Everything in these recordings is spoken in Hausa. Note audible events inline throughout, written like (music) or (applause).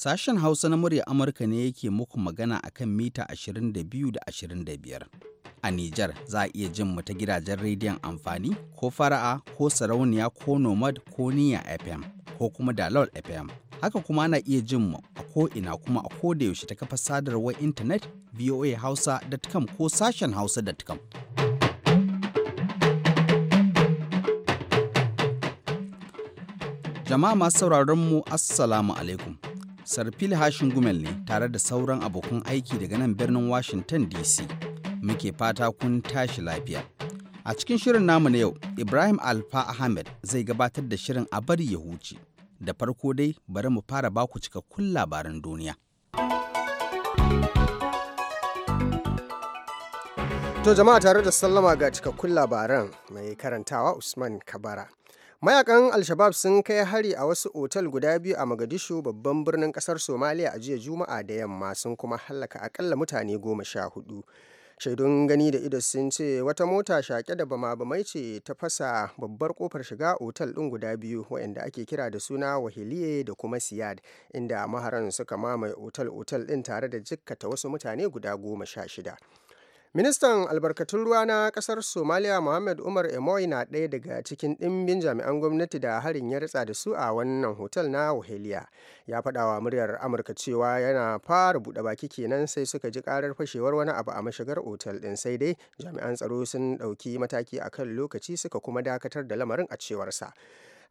Sashen Hausa na murya Amurka ne yake muku magana a kan mita 22 da 25. A Nijar za a iya jin mu ta gidajen rediyon amfani ko fara'a ko sarauniya ko nomad ko niya FM ko kuma dalol FM. Haka kuma ana iya jin mu a ko ina kuma a ko da yaushe ta kafa sadarwar intanet voahausa.com ko sashen hausa.com. Jama'a masu sauraron mu Assalamu alaikum. sarfil hashin gumel ne tare da sauran abokan aiki daga nan birnin washington dc muke fata kun tashi lafiya a cikin shirin namu na yau ibrahim alfa ahmed zai gabatar da shirin a bari ya huce da farko dai bari mu fara baku cikakkun labaran duniya to jama'a tare da sallama ga cikakkun labaran mai karantawa usman kabara mayakan alshabab sun kai hari a wasu otal guda biyu a mogadishu babban birnin kasar somaliya a jiya juma'a da yamma sun kuma hallaka akalla mutane goma sha hudu shaidun gani da ido sun ce wata mota shaƙe da bama-bamai ce ta fasa babbar kofar shiga otal ɗin guda biyu waɗanda ake kira da suna wahiliye da kuma siyad inda maharan suka mamaye otal-otal ɗin tare da jikkata wasu mutane guda goma sha shida Ministan albarkatun ruwa na kasar Somalia Mohammed Umar Emoy na ɗaya daga cikin ɗimbin jami'an gwamnati da harin ya ritsa da su a wannan hotel na wahiliya Ya faɗawa muryar Amurka cewa yana fara buɗe baki kenan sai suka ji ƙarar fashewar wani abu a mashigar otal ɗin sai dai jami'an tsaro sun ɗauki mataki a kan lokaci suka kuma dakatar da lamarin a cewarsa.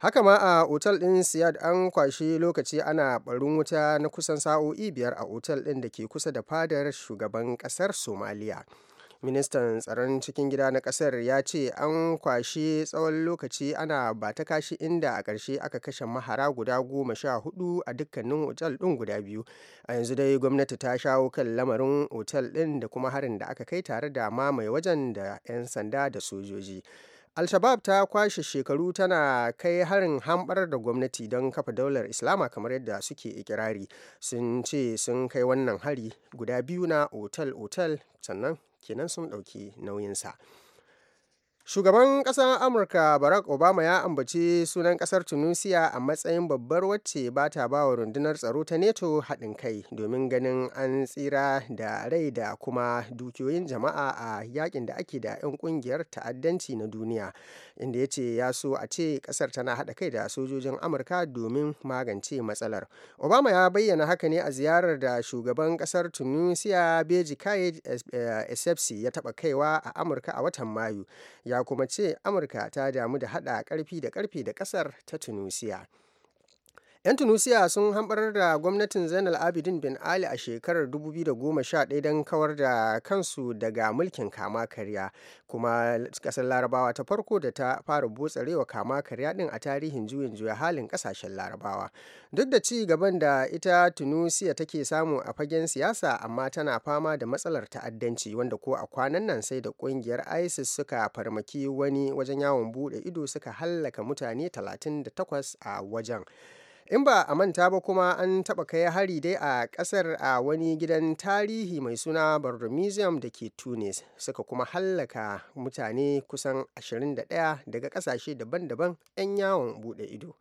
haka ma a otal ɗin siyad an kwashe lokaci ana barin wuta na kusan sa'o'i biyar a otal ɗin da ke kusa da fadar shugaban ƙasar somaliya ministan tsaron cikin gida na kasar ya ce an kwashe tsawon lokaci ana ba ta kashi inda a ƙarshe aka kashe mahara guda goma sha hudu a dukkanin otal din guda biyu a yanzu dai gwamnati ta shawo kan lamarin otal ɗin da kuma harin da aka kai tare da mamaye wajen da 'yan sanda da sojoji Al-Shabaab ta kwashe shekaru tana kai harin hambar da gwamnati don kafa daular Islama kamar yadda suke ikirari. Sun ce sun kai wannan hari guda biyu na otal-otal sannan kenan sun ɗauki nauyinsa Shugaban ƙasar Amurka Barack Obama ya ambaci sunan ƙasar Tunisia a matsayin babbar wacce ba ta ba wa rundunar tsaro ta neto haɗin kai domin ganin an tsira da rai da kuma dukiyoyin jama'a a yakin da ake da 'yan ƙungiyar ta'addanci na duniya inda ya ce ya so a ce ƙasar tana haɗa kai da sojojin Amurka domin magance matsalar. Obama ya bayyana haka ne a ziyarar da shugaban ƙasar Tunisia Beji Kayed eh, ya taɓa kaiwa a Amurka a watan Mayu. ya kuma ce amurka ta damu da haɗa ƙarfi da ƙarfi da ƙasar ta tunisia 'Yan Tunisiya sun hambarar da gwamnatin Zainal Abidin Bin Ali a shekarar 2011 don kawar da kansu daga mulkin kama karya, kuma ƙasar Larabawa ta farko da ta fara botsarewa kama karya ɗin a tarihin juyin juya halin kasashen Larabawa. Duk da ci gaban da ita Tunisiya take samu a fagen siyasa amma tana fama da matsalar ta'addanci wanda ko a kwanan nan sai da kungiyar ISIS suka farmaki wani wajen yawon bude ido suka hallaka mutane 38 a wajen. in ba a manta ba kuma an taɓa kai hari dai a ƙasar a wani gidan tarihi mai suna Bardo Museum da ke Tunis suka kuma hallaka mutane kusan 21 daga ƙasashe daban-daban 'yan yawon bude ido.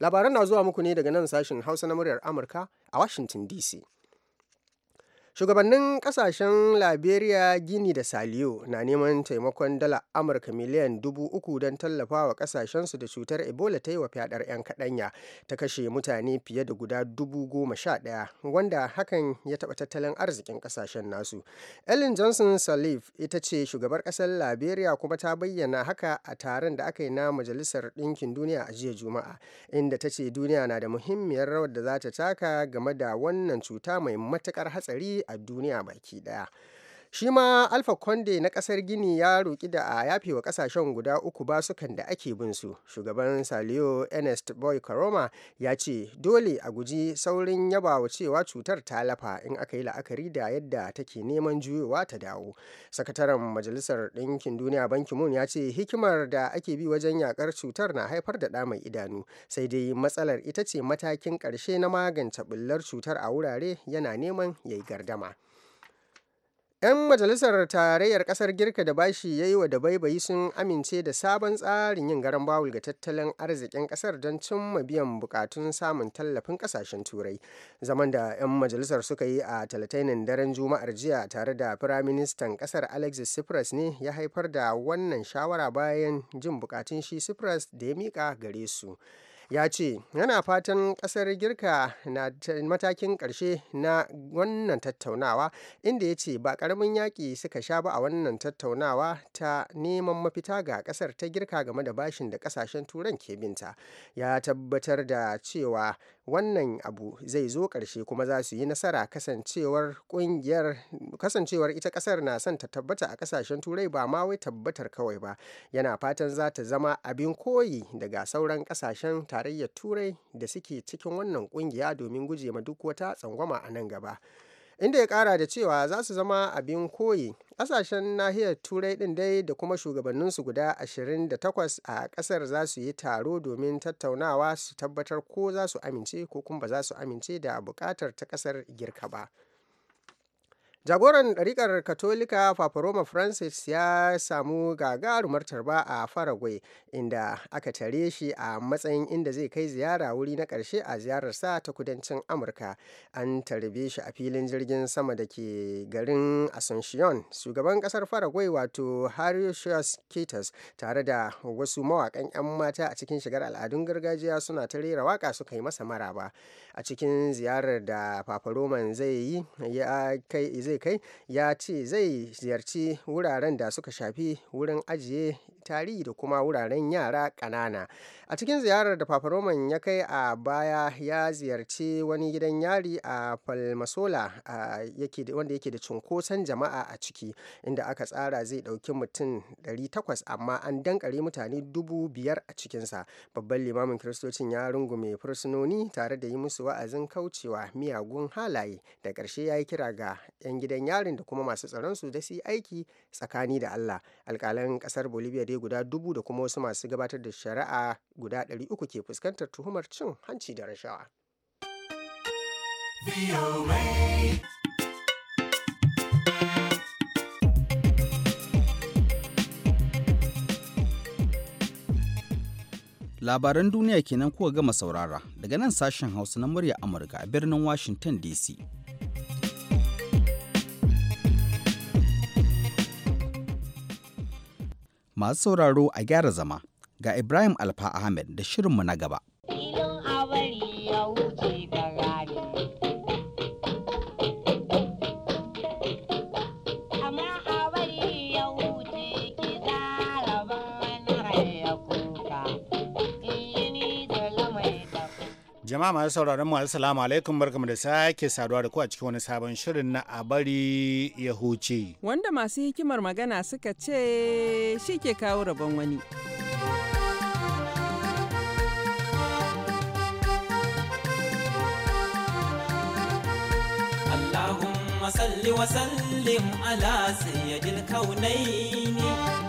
Labaran na zuwa muku ne daga nan sashen Hausa na muryar Amurka a Washington DC. shugabannin kasashen liberia gini da saliyo na neman taimakon dala amurka miliyan dubu uku don tallafa tallafawa kasashensu da cutar ebola ta yi wa fyaɗar 'yan kaɗanya ta kashe mutane fiye da guda dubu goma sha ɗaya wanda hakan ya taɓa tattalin arzikin kasashen nasu ellen johnson salif ita ce shugabar ƙasar liberia kuma ta bayyana haka a taron da aka yi na majalisar ɗinkin duniya a jiya juma'a inda ta ce duniya na da muhimmiyar rawar da za ta taka game da wannan cuta mai matuƙar hatsari a duniya baki ɗaya. shi ma alfa conde na kasar gini ya roƙi da a yafe wa kasashen guda uku basukan da ake bin su shugaban saliyo ernest boy karoma ya ce dole a guji saurin yaba wa cewa cutar ta lafa in aka yi la'akari da yadda take neman juyowa ta dawo sakataren majalisar ɗinkin duniya banki moon ya ce hikimar da ake bi wajen yakar cutar na haifar da ɗa mai idanu sai dai matsalar ita ce matakin ƙarshe na magance bullar cutar a wurare yana neman ya yi gardama 'Yan majalisar tarayyar ƙasar Girka da bashi ya yi wa dabaibayi sun amince da sabon tsarin yin garan bawul ga tattalin arzikin ƙasar don cimma biyan bukatun samun tallafin ƙasashen Turai. Zaman da 'yan majalisar suka yi a talatainin daren Juma'ar jiya tare da Firaministan ƙasar Alexis Tsipras ne ya haifar da wannan shawara bayan jin bukatun shi Tsipras da ya miƙa gare su. ya ce yana fatan kasar girka na matakin karshe na wannan tattaunawa inda ya ce ba karamin yaƙi suka sha ba a wannan tattaunawa ta neman mafita ga kasar ta girka game da bashin da kasashen turan ke binta ya tabbatar da cewa wannan abu zai zo ƙarshe kuma za su yi nasara kasancewar kungiyar kasancewar ita kasar na son ta tabbata a kasashen turai ba ma wai tabbatar kawai ba yana fatan za ta zama abin koyi daga sauran kasashen tarayyar turai da suke cikin wannan kungiya domin gujewa duk wata tsangwama a nan gaba inda ya kara da cewa za su zama abin koyi kasashen nahiyar turai din dai da kuma shugabanninsu guda 28 a kasar za su yi taro domin tattaunawa su tabbatar ko za su amince ko kuma ba za su amince da bukatar ta kasar girka ba jagoran ɗariƙar katolika paparoma francis ya samu gagarumar tarba a faragwai inda aka tare shi a matsayin inda zai kai ziyara wuri na ƙarshe a ziyararsa ta kudancin amurka an tarbe shi a filin jirgin sama da ke garin asuncion shugaban ƙasar faragwai wato harishas kitas tare da wasu mawaƙan 'yan mata a cikin shigar al'adun gargajiya suna ta rera waƙa suka yi masa maraba a cikin ziyarar da paparoman zai yi ya kai zai zai kai ya ce zai ziyarci wuraren da suka shafi wurin ajiye tarihi da kuma wuraren yara ƙanana a cikin ziyarar da paparoman ya kai a baya ya ziyarci wani gidan yari a palmasola wanda yake da cunkoson jama'a a ciki inda aka tsara zai ɗauki mutum 800 amma an dankare mutane 5,000 a cikinsa babban limamin kiristocin ya rungume fursunoni tare da yi musu wa'azin kaucewa miyagun halaye da ƙarshe ya yi kira ga 'yan gidan yarin da kuma masu tsaron su da su yi aiki tsakani da Allah alkalan ƙasar Bolivia dai guda dubu da kuma wasu masu gabatar da shari'a guda 300 ke fuskantar tuhumar cin hanci da rashawa. labaran duniya kenan kuka gama saurara daga nan sashen hausa na murya amurka a birnin washington dc Masu sauraro a gyara zama, ga Ibrahim Alfa Ahmed da shirinmu na gaba. Jama'a masu sauraron mu assalamu alaikum barkamu da sake saduwa da ku a cikin wani sabon shirin na a bari ya huce. Wanda masu hikimar magana suka ce shi ke kawo rabon wani. Allahumma salli wa sallim ala sayyidil kaunaini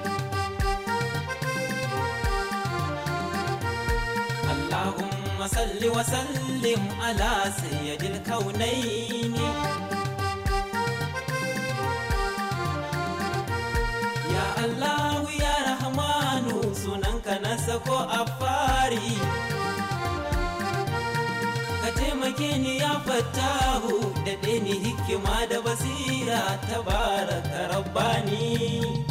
salli wa sallim ala sayyidil kaunain ya allah ya rahmanu sunanka na sako a fari ka taimake ni ya fatahu da ni hikima da basira tabaraka rabbani rabbani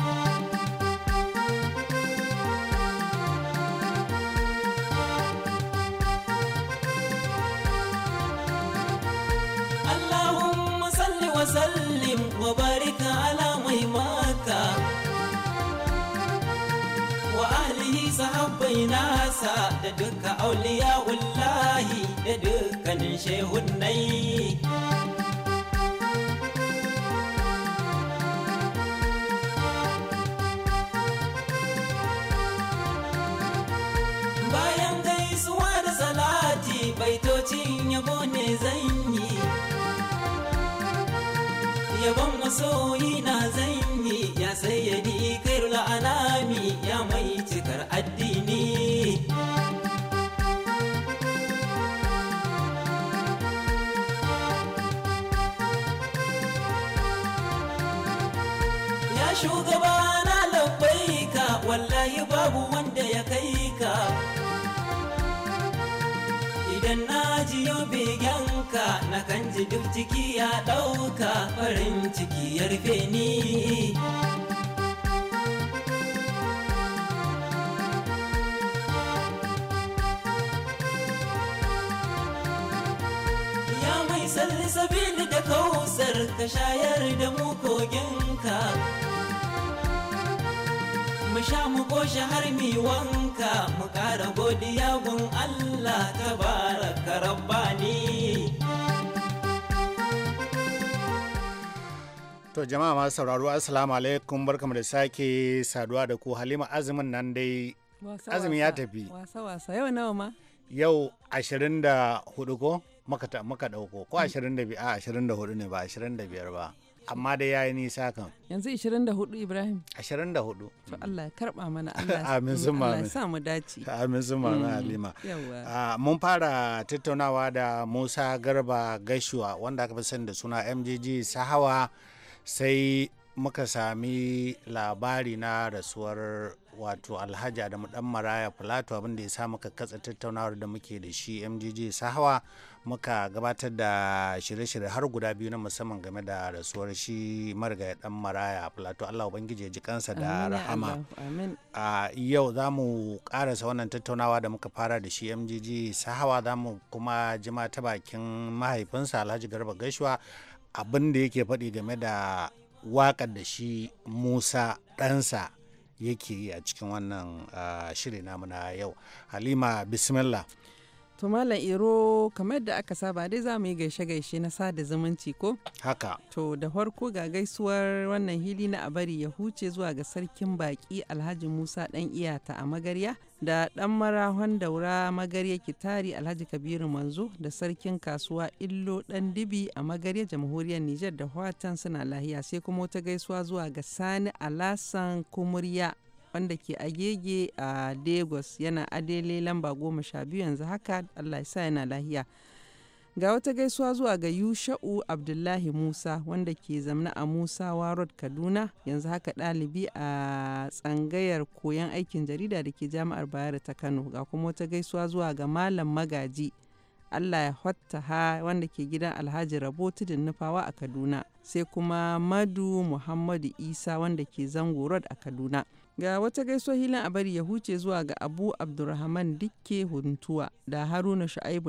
bai nasa da duka auliya wallahi da dukkanin shehunnai bayan gaisuwa da salati baitocin yabo ne zan yi yabon ɗauka na kan duk ciki ya ɗauka farin ciki ya rufe ni ya mai sarri sabini da kausar ka shayar da mu koginka mu sha mu ƙoshi har mi wanka mu ƙara godiya gun Allah tabaraka rabbani To jama'a masu sauraro assalamu alaikum barkamu da sake saduwa da ku Halima azumin nan dai azumin ya tafi. Wasa wasa yau nawa ma? Yau 24 ko muka muka dauko ko 25 a 24 ne ba 25 ba. Amma dai yayi nisa kan. Yanzu 24 Ibrahim. 24. To Allah ya karba mana Allah. (laughs) Amin sun Allah ya sa mu dace. Amin sun mana mm, Halima. Yawa. mun fara tattaunawa da Musa Garba Gashuwa wanda aka fi sani da suna MGG Sahawa. sai muka sami labari na rasuwar wato alhaji adamu dan maraya plato abinda ya sa muka katsa tattaunawar da muke da shi mgg sahawa muka gabatar da shirye-shirye har guda biyu na musamman game da rasuwar shi marigaya dan maraya plato allah ubangiji ya ji kansa da rahama a yau za mu karasa wannan tattaunawa da muka fara da shi mgg sahawa za mu kuma jima ta bakin mahaifinsa alhaji garba gaishuwa abin da yake faɗi game da waƙar da shi musa ɗansa yake yi a cikin wannan ah, shiri namu na yau halima bismillah To Malam Iro kamar da aka saba dai za mu yi gaishe-gaishe na sada zumunci ko? Haka. To da farko ga gaisuwar wannan hili na abari ya huce zuwa ga sarkin baki Alhaji Musa dan iyata a magarya da dan marahon daura magarya kitari Alhaji Kabiru Manzo da sarkin kasuwa Illo dan Dibi a magarya jamhuriyar Nijar da Watan suna lahiya sai kuma wata gaisuwa zuwa ga Sani Alasan Kumurya wanda ke agege a lagos yana adele lamba goma sha biyu yanzu haka allah ya sa yana lahiya ga wata gaisuwa zuwa ga yusha'u abdullahi musa wanda ke zamna a musa warod kaduna yanzu haka ɗalibi a tsangayar koyon aikin jarida da ke jami'ar bayero ta kano ga kuma wata gaisuwa zuwa ga malam magaji allah ya ha wanda ke gidan alhaji rabo tudun nufawa a kaduna sai kuma madu muhammadu isa wanda ke zango road a kaduna Ga wata gaisuwar hilin a bari ya huce zuwa ga Abu Abdurrahman Dikke Huntuwa da Haruna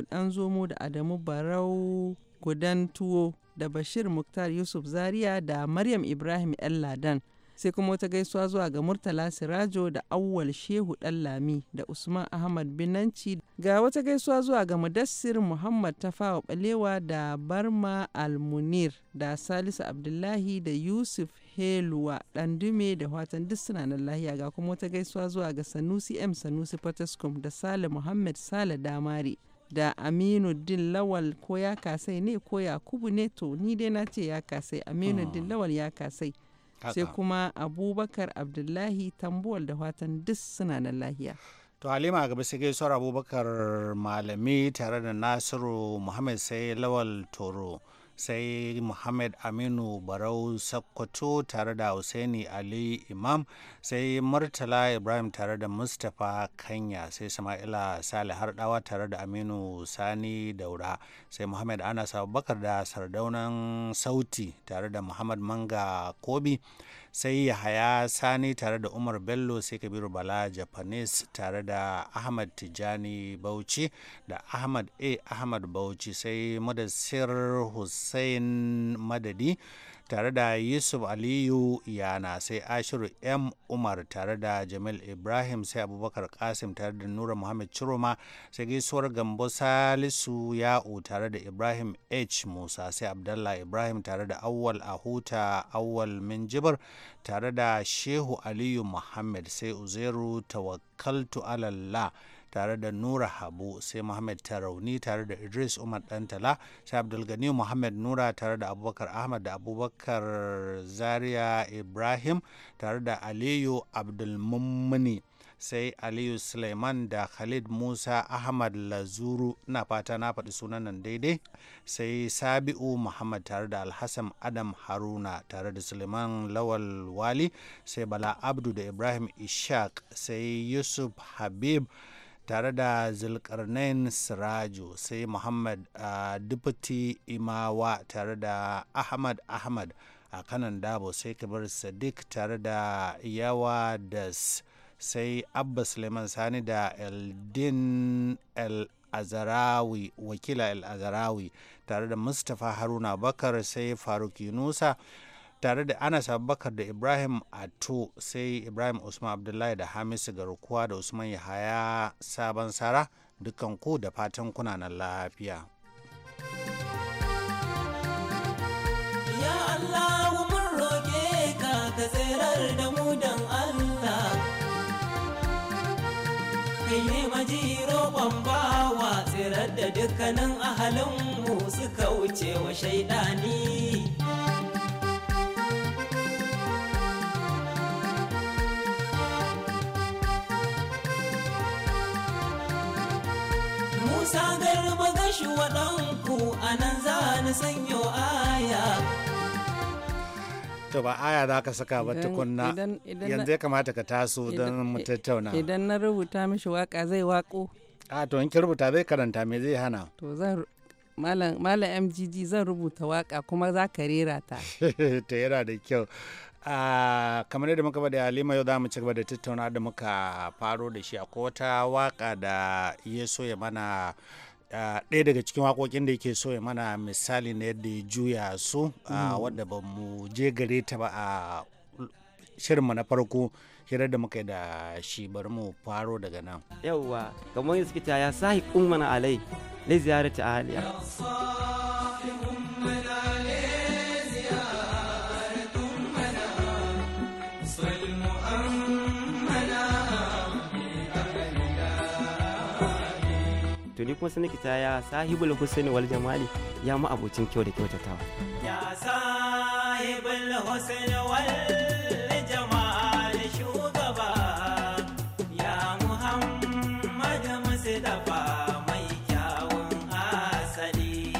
dan zomo da Adamu Barau Gudan Tuwo da Bashir Muktar Yusuf Zaria da Maryam Ibrahim ‘yan Ladan. sai kuma wata gaisuwa zuwa ga murtala sirajo da awwal shehu lami da usman ahmad binanci ga wata gaisuwa zuwa ga mudassir muhammad tafawa balewa da barma almunir da salisu abdullahi da yusuf heluwa dan dume da watan duk suna nan lahiya ga kuma wata gaisuwa zuwa ga sanusi m sanusi potoscom da sale muhammad sale damari da aminu din lawal ko ya kasai ne ko yakubu ne to ni dai na ce ya kasai aminu din ah. lawal ya kasai sai kuma abubakar abdullahi tambuwal da fatan duk suna nan lahiya to halima gaba sai gaisuwar abubakar malami tare da nasiru muhammad sai lawal toro sai muhammad aminu barau sakkwato tare da Hussaini ali imam sai murtala ibrahim tare da mustapha kanya sai sama'ila sale harɗawa tare da aminu sani daura sai muhammad anas abubakar da sardaunan sauti tare da muhammad manga kobi sai yahaya sani tare da umar bello sai kabiru bala japanese tare da ahmad tijani bauchi da ahmad a ahmad bauchi sai madasir hussein madadi tare da yusuf aliyu yana sai ashiru m umar tare da jamil ibrahim sai abubakar kasim tare da nura muhammad chiroma sai gaisuwar gambo salisu ya'u tare da ibrahim h musa sai abdallah ibrahim tare da awwal ahuta awwal minjibar tare da shehu aliyu muhammad sai uzeru tawakkaltu alallah tare da nura habu sai muhammad tarauni tare da idris umar dantala sai abdulgani muhammad nura tare da abubakar ahmad da abubakar zaria ibrahim tare da aliyu mummuni sai aliyu suleiman da khalid musa ahmad lazuru na fata na faɗi sunan nan daidai sai sabi'u muhammad tare da alhassan adam haruna tare da suleiman lawal wali sai bala abdu da ibrahim ishaq sai yusuf habib tare da zulkarnain sirajo sai muhammad uh, deputy imawa tare da ahmad ahmad a kanan dabo sai kabir sadiq tare da yawa da sai abba suleiman sani da eldin el azarawi wakila el azarawi tare da mustapha haruna bakar sai faruk yunusa tare da Ana abubakar da ibrahim ato sai ibrahim usman abdullahi da hamisu garkuwa da usman yahaya sabon sara dukkan ku da fatan kuna na lafiya ya allah ka tsirar da mu kai bawa tsirar da dukkanin ahalinmu suka wuce wa shaidani shi waɗanku a nan za ni sanyo aya to ba aya za ka saka ba tukunna yanzu ya kamata ka taso don mu tattauna idan na rubuta mishi waka zai wako a to in ki rubuta zai karanta me zai hana to zan malam mgg zan rubuta waka kuma za ka rera ta (laughs) ta yana da kyau kamar yadda muka bada halima yau za mu ci gaba da tattauna da muka faro da shi akwai wata waka da ya so ya mana ɗaya daga cikin waƙoƙin da yake so ya mana misali na yadda ya juya su mm. wadda ba mu je gare ta ba a shirinmu na farko hirar da muka da shi bari mu faro daga nan yawwa kamar suke ya sahi mana alai na ziyarar ta ni kuma sai ki ta ya sahibul husaini wal jamali ya ma abocin kyau da kyautatawa ya sahibul husaini wal mai kyawun asali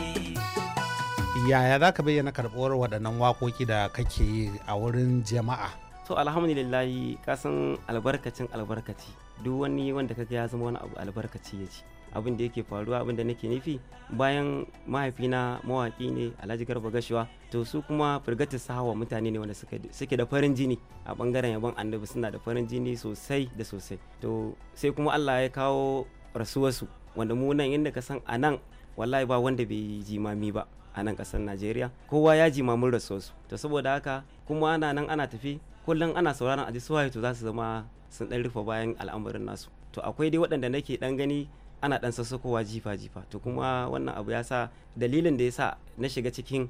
yaya za ka bayyana karɓuwar waɗannan waƙoƙi da kake yi a wurin jama'a to alhamdulillahi kasan albarkacin albarkaci duk wani wanda kaga ya zama wani abu albarkaci ya ci abin da yake faruwa abin da nake nufi bayan mahaifina mawaki ne alhaji garba gashuwa to su kuma firgata sahawa mutane ne wanda suke da farin jini a bangaren yabon annabi suna da farin jini sosai da sosai to sai kuma allah ya kawo rasuwarsu wanda mu nan inda ka san a nan wallahi ba wanda bai jimami ba a nan kasar najeriya kowa ya jimamin rasuwarsu to saboda haka kuma ana nan ana tafi kullum ana sauraron aji suwaye to za su zama sun dan rufe bayan al'amarin nasu to akwai dai waɗanda nake dan gani ana dan sassakowa jifa-jifa to kuma wannan abu ya sa dalilin da ya sa na shiga cikin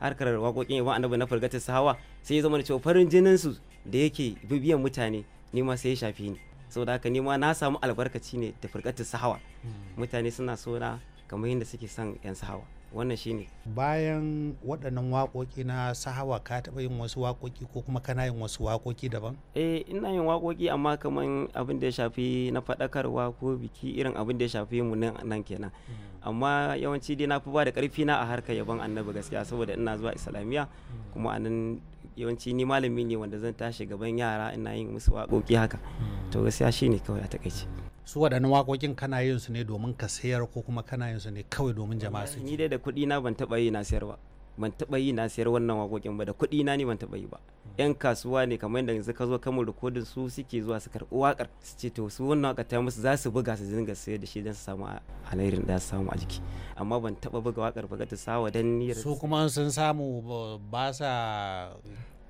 harkar waƙoƙin yawan annabi na fargatar sahawa sai ya zama da cewa farin jinin su da yake bibiyan mutane ni ma sai ya shafi ni saboda haka ni ma na samu albarkaci ne da fargatar sahawa hmm. mutane suna so na kamar yadda suke son yan sahawa wannan shine bayan waɗannan wakoki na sahawa ka taɓa yin wasu waƙoƙi ko kuma kana yin wasu wakoki daban eh ina yin wakoki amma kamar abin da ya shafi na faɗakarwa ko biki irin abin da ya shafi mu nan kenan hmm. amma yawanci dai na fi ba da ƙarfi na a harkar yaban annabi gaskiya saboda ina zuwa islamiyya hmm. kuma a nan yawanci ni malami ne wanda zan tashi gaban yara ina yin musu wakoki haka hmm. to gaskiya shine kawai a takaice su waɗannan waƙoƙin kana yin su ne domin ka sayar ko kuma kana yin su ne kawai domin jama'a su ni dai da kuɗi na ban taɓa yi na sayar ba ban taɓa yi na sayar wannan waƙoƙin ba da kuɗi na ne ban taɓa yi ba hmm. yan kasuwa ne kamar yadda yanzu ka zo kamar rikodin su suke zuwa su karɓi waƙar su ce to su wannan waƙar ta musu za su buga su dinga sayar da shi don su samu alherin da su samu a jiki amma ban taɓa buga waƙar ba ta sawa don niyyar su kuma sun samu ba sa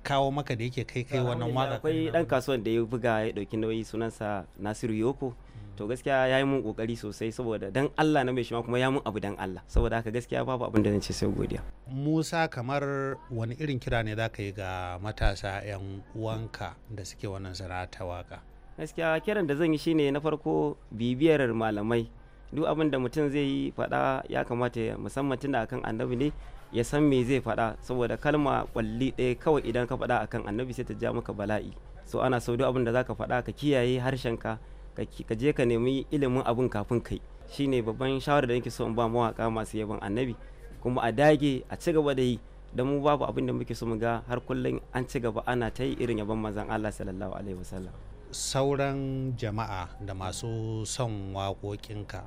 kawo maka da yake kai kai wannan waƙar akwai ɗan kasuwan da ya buga ya dauki nauyi sunansa Nasiru Yoko to gaskiya ya yi mun kokari sosai saboda dan Allah na mai shi ma kuma ya mun abu dan Allah saboda haka gaskiya babu abin da zan ce sai godiya Musa kamar wani irin kira ne zaka yi ga matasa yan uwanka da suke wannan sana'a ta waka gaskiya kiran da zan yi shine na farko bibiyar malamai duk abin da mutum zai yi faɗa ya kamata musamman tunda akan annabi ne ya san me zai faɗa saboda kalma kwalli ɗaya kawai idan ka faɗa akan annabi sai ta ja maka bala'i so ana sau duk abin da zaka faɗa ka kiyaye harshenka ka je ka nemi ilimin abin kafin kai shine babban shawarar da nake so in ba mawaka masu yaban annabi kuma a dage a ci gaba da yi da mu babu abin da muke so mu ga har kullum an ci gaba ana ta yi irin yaban manzon Allah sallallahu alaihi wasallam sauran jama'a da masu son waƙoƙinka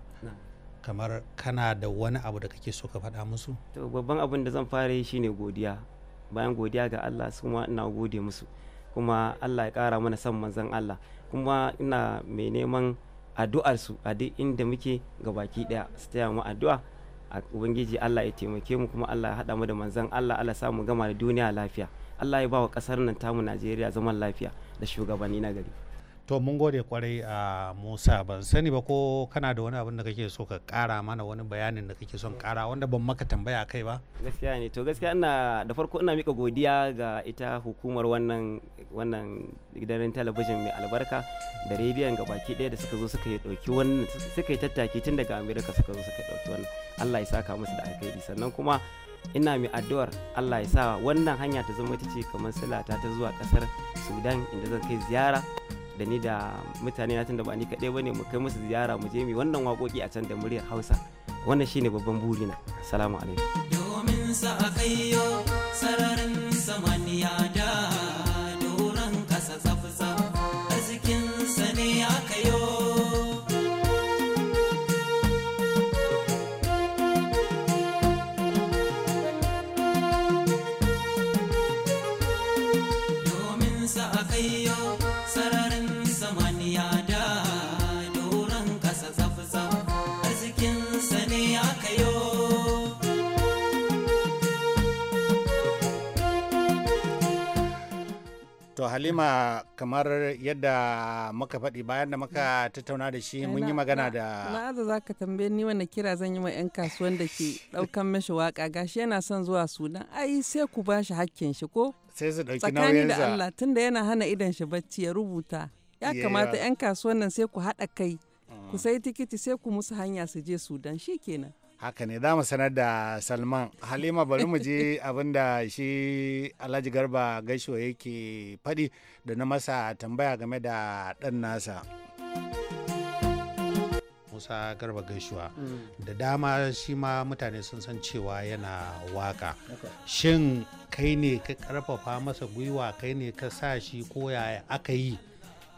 kamar kana da wani abu da kake so ka faɗa musu to babban abin da zan fara yi shine godiya bayan godiya ga Allah kuma ina gode musu kuma Allah ya kara mana son manzon Allah kuma ina mai neman addu'ar su a duk inda muke ga baki daya su taya mu addu'a a ubangiji Allah ya taimake mu kuma Allah ya haɗa mu da manzon Allah Allah sa mu gama da duniya lafiya Allah ya ba wa ƙasar nan tamu Najeriya zaman lafiya da shugabanni na gari to mun gode kwarai a musa ban sani ba ko kana da wani abin da kake so ka kara mana wani bayanin da kake son kara wanda ban maka tambaya kai ba gaskiya ne to gaskiya ina da farko ina mika godiya ga ita hukumar wannan wannan gidan talabijin mai albarka da rediyon baki daya da suka zo suka yi ɗauki wannan suka yi tattaki tun daga amerika suka zo suka ɗauki wannan allah ya saka musu da alkhairi sannan kuma ina mai addu'ar Allah ya sa wannan hanya ta zama ta ce kamar silata ta zuwa kasar Sudan inda zan kai ziyara da ni da mutane na tunda ba ni kaɗai bane mu kai musu ziyara mu je mu wannan waƙoƙi a can da muryar Hausa wannan shine babban burina salamu alaikum domin sa akayyo sararin samaniya da halima kamar yadda muka faɗi bayan da muka tattauna da shi mun yi magana da aza za ka tambaye ni wanda kira zan yi wa 'yan kasuwan da ke ɗaukan mashi waka gashi yana son zuwa sudan ai sai ku ba shi hakkin shi ko sai su ɗauki nauyin da allah tunda yana hana idan shi bacci ya rubuta ya kamata 'yan kasuwan nan sai ku haɗa kai ku mm. sai tikiti sai ku musu hanya su je sudan shi shikenan haka ne za mu sanar da salman halima bari mu je (laughs) abin da shi alhaji garba gaisho yake faɗi da na masa tambaya game da ɗan nasa musa garba gaishuwa mm. da dama shi ma mutane sun san cewa yana waka shin kai ne ka karfafa masa gwiwa kai ne ka sa shi koya aka yi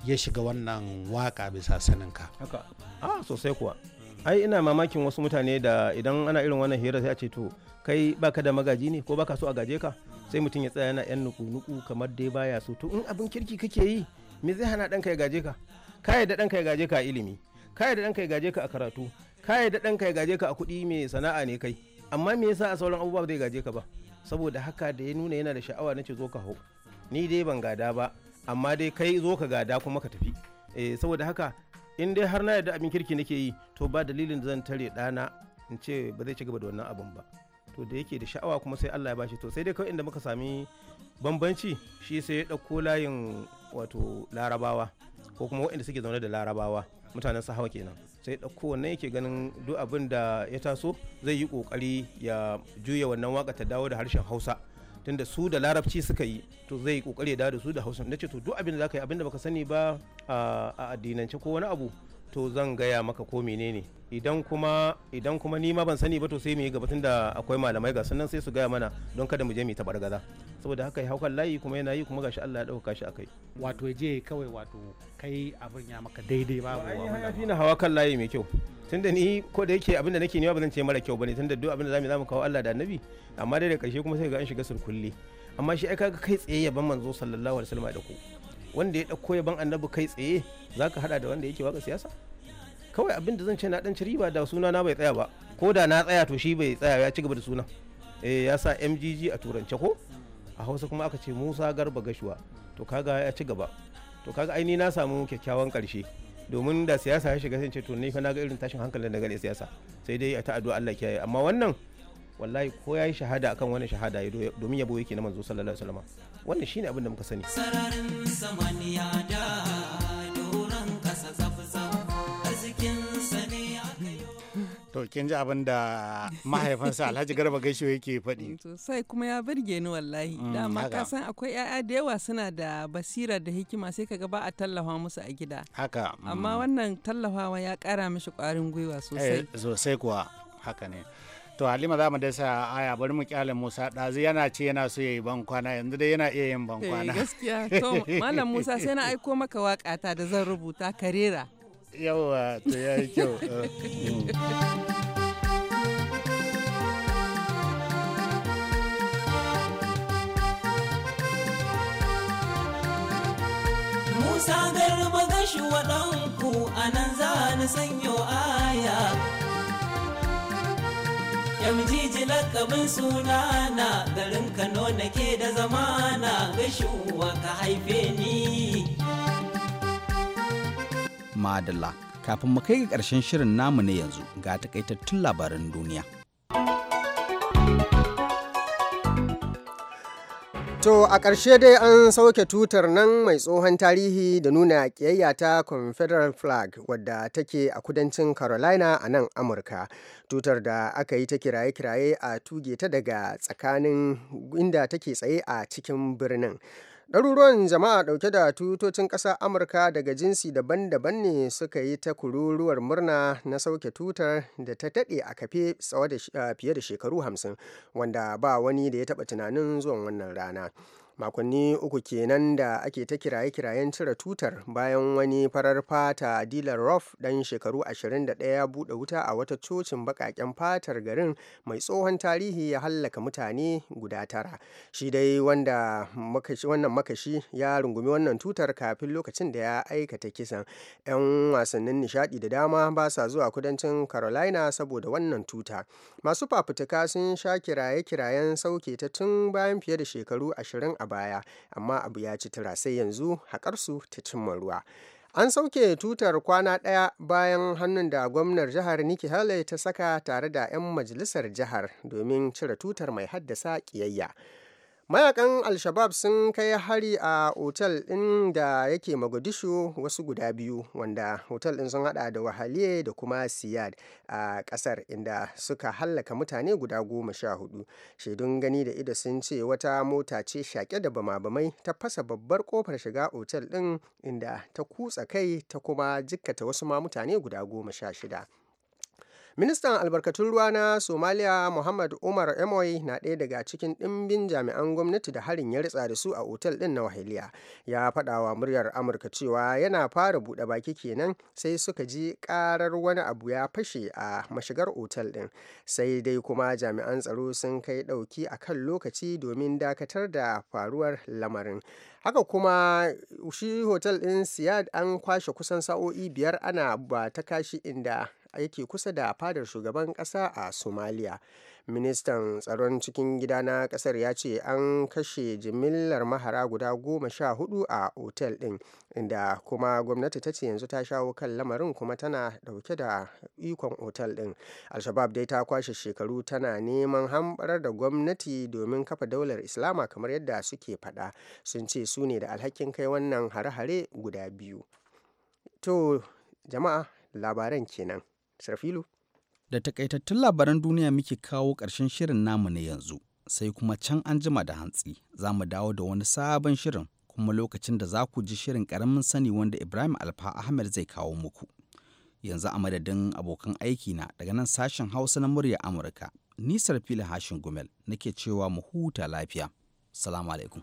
ya shiga wannan waka bisa saninka ka. Ah, sosai kuwa ai ina mamakin wasu mutane da idan ana irin wannan hira sai a ce to kai baka da magaji ne ko baka so a gaje ka sai mutum ya tsaya yana yan nuku-nuku kamar dai baya so to in abin kirki kake yi me zai hana ɗanka ya gaje ka ka yadda ɗanka ya gaje ka a ilimi ka yadda ɗanka ya gaje ka a karatu ka yadda ɗanka ya gaje ka a kuɗi mai sana'a ne kai amma me yasa a sauran abubuwa zai gaje ka ba saboda haka da ya nuna yana da sha'awa na ce zo ka hau ni dai ban gada ba amma dai kai zo ka gada kuma ka tafi eh, saboda haka in dai har na yarda abin kirki nake yi to ba dalilin zan tare ɗana in ce ba zai ci gaba da wannan abin ba to da yake da sha'awa kuma sai Allah ya bashi to sai dai kawai inda muka sami bambanci shi sai ya ɗauko layin wato larabawa ko kuma waɗanda suke zaune da larabawa mutanen sahawa kenan sai ɗauko wannan yake ganin duk abin da ya taso zai yi ƙoƙari ya juya wannan waka ta dawo da harshen hausa tunda su da larabci suka yi to zai kokari ya dawo da su da hausa nace to duk abin da zaka yi abin da baka sani ba a addinance ko wani abu to zan gaya maka ko menene idan kuma idan kuma ni ma ban sani ba to sai mu yi gaba tunda akwai malamai ga sannan sai su gaya mana don kada mu je mu ta bargaza saboda haka ya haukan layi kuma yana yi kuma gashi Allah ya dauka shi akai wato je kawai wato kai abin ya maka daidai babu wani ya fi na hawa kan layi mai kyau tunda ni ko da yake abin da nake niwa ba zan ce mara kyau bane tunda duk abin da zamu zamu kawo Allah da Annabi amma dai da karshe kuma sai ga an shiga sulkulli amma shi ai kaga kai tsaye yaban manzo sallallahu alaihi wasallam da ku wanda ya ɗauko yaban annabi kai tsaye za ka haɗa da wanda yake waka siyasa kawai abin da zan ce na ɗan ci riba da suna na bai tsaya ba ko da na tsaya to shi bai tsaya ya ci gaba da suna eh ya sa mgg a turance ko a hausa kuma aka ce musa garba gashuwa to kaga ya ci gaba to kaga aini na samu kyakkyawan karshe domin da siyasa ya shiga sai ce to ni fa na ga irin tashin hankalin da gane siyasa sai dai a ta addu'a Allah kiyaye amma wannan wallahi ko ya yi shahada akan wani shahada ya domin yabo yake na manzo sallallahu alaihi wasallam wannan shine abin da muka sani sararin samaniya da doron kasa zafza arzikin sani to kin ji abin da mahaifinsa Alhaji Garba Gaisho yake faɗi mm, sosai kuma ya burge ni wallahi mm, dama ka san akwai yaya da yawa suna da basira da hikima sai kaga ba a tallafa musu a gida haka mm. amma wannan tallafawa ya kara mishi ƙwarin gwiwa eh, sosai sosai kuwa haka ne to halima za mu da aya bari mu kyale musa ɗazu yana ce yana so yayi ban kwana yanzu dai yana iya yin ban eh, kwana gaskiya (laughs) to malam musa sai na aiko maka waka ta da zan rubuta karera yawa to yayi kyau (laughs) Musa garba gashi waɗanku a nan za ni sanyo aya. yamjiji lakabin sunana garin kano nake da zamana gashuwa ka haife ni madalla kafin mu kai ga ƙarshen shirin namu na yanzu ga takaitattun labaran duniya To a ƙarshe dai an sauke tutar nan mai tsohon tarihi da nuna ƙiyayya ta confederal flag wadda take a kudancin Carolina a nan Amurka. Tutar da aka yi ta kiraye-kiraye a tuge ta daga tsakanin inda take tsaye a cikin birnin. Ɗaruruwan jama'a ɗauke da tutocin ƙasar Amurka daga jinsi daban-daban ne suka yi ta kururuwar murna na sauke tutar da ta taɗe a kafe fiye da shekaru hamsin, wanda ba wani da ya taɓa tunanin zuwan wannan rana. makonni uku kenan da ake ta kiraye-kirayen cire tutar bayan wani farar fata dilan rof dan shekaru 21 ya buɗe wuta a wata cocin baƙaƙen fatar garin mai tsohon tarihi ya hallaka mutane guda tara shi dai wanda wannan makashi ya rungumi wannan tutar kafin lokacin da ya aikata kisan 'yan wasannin nishaɗi da dama ba sa zuwa kudancin carolina saboda wannan tuta masu fafutuka sun sha kiraye-kirayen sauke ta tun bayan fiye da shekaru 20 a baya amma abu ya ci tura sai yanzu haƙarsu ta cimma ruwa an sauke tutar kwana ɗaya bayan hannun da gwamnar jihar Nikki Haley ta saka tare da 'yan majalisar jihar domin cire tutar mai haddasa ƙiyayya. mayakan alshabab sun kai hari a otal ɗin da yake mogadishu wasu guda biyu wanda otal ɗin sun hada da wahaliye da kuma siyad a ƙasar inda suka hallaka mutane guda goma sha hudu shaidun gani da ido sun ce wata mota ce shaƙe da bama-bamai ta fasa babbar ƙofar shiga otal ɗin inda ta kutsa kai ta kuma jikkata wasu ma mutane guda goma sha shida ministan albarkatun ruwa na somaliya muhammad umar emoy na ɗaya daga cikin ɗimbin jami'an gwamnati da harin ya ritsa da su a otal ɗin na wahiliya ya faɗa wa muryar amurka cewa yana fara buɗe baki kenan sai suka ji ƙarar wani abu ya fashe a mashigar otal ɗin sai dai kuma jami'an tsaro sun kai ɗauki a kan lokaci domin dakatar da faruwar lamarin haka kuma shi hotel ɗin siyad an kwashe kusan sa'o'i biyar ana ba ta kashi inda yake kusa da fadar shugaban kasa a Somalia. Ministan tsaron cikin gida na ƙasar ya ce an kashe jimillar mahara guda goma sha hudu a otel din inda kuma gwamnati ta ce yanzu ta shawo kan lamarin kuma tana dauke da ikon otel ɗin. Alshabab dai ta kwashe shekaru tana neman hambarar da gwamnati domin kafa daular Islama kamar yadda suke fada sun ce su ne da alhakin kai wannan hare-hare guda biyu. To jama'a labaran kenan. Sarfilu. Da takaitattun labaran duniya muke kawo ƙarshen shirin namu na yanzu, sai kuma can an jima da hantsi za mu dawo da wani sabon shirin kuma lokacin da za ku ji shirin ƙaramin sani wanda Ibrahim Alfa Ahmed zai kawo muku. Yanzu a madadin abokan aiki na daga nan sashen Hausa na murya Amurka, ni Sarfila Hashin Gumel nake cewa mu huta lafiya. Salamu alaikum.